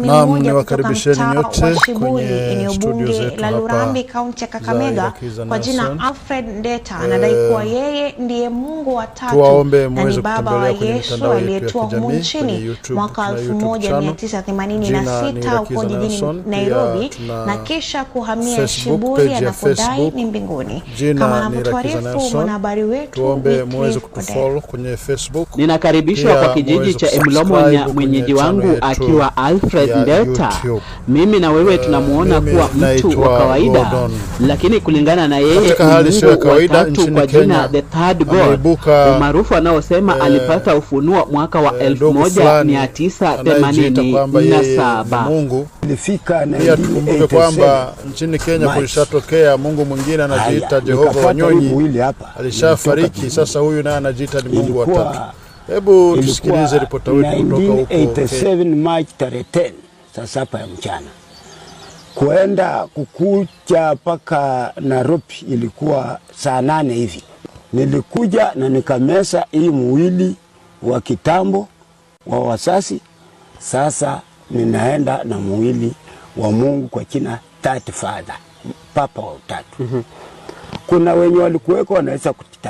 Naam, niwakaribisheni nyote kwenye studio zetu la Lurambi kaunti ya Kakamega kwa jina Alfred Ndeta anadai eh, kuwa yeye ndiye Mungu wa tatu na ni baba wa Yesu aliyetua humu nchini mwaka 1986 huko jijini Nairobi na kisha kuhamia na kudai ni mbinguni, kama anavyotuarifu mwanahabari wetu. Ninakaribishwa kwa kijiji cha Emlomonya, mwenyeji wangu akiwa Alfred Elizabeth Ndeta, mimi na wewe eh, tunamuona kuwa mtu wa kawaida Gordon. Lakini kulingana na yeye Mungu wa tatu kwa jina the third God maarufu anaosema eh, alipata ufunuo mwaka wa 1987 eh, ilifika na pia tukumbuke kwamba nchini Kenya kulishatokea mungu mwingine anajiita Jehova Wanyonyi, alishafariki. Sasa huyu naye anajiita ni Mungu wa tatu. Hebu tusikilize ripota wetu kutoka huko 1987 March tarehe 10 saa hapa ya mchana kuenda kukucha mpaka Nairobi ilikuwa saa nane hivi. Nilikuja na nikamesa hii mwili wa kitambo wa wasasi. Sasa ninaenda na mwili wa Mungu kwa jina Tatu Father, Papa wa Utatu. mm -hmm. Kuna wenye walikuweko wanaweza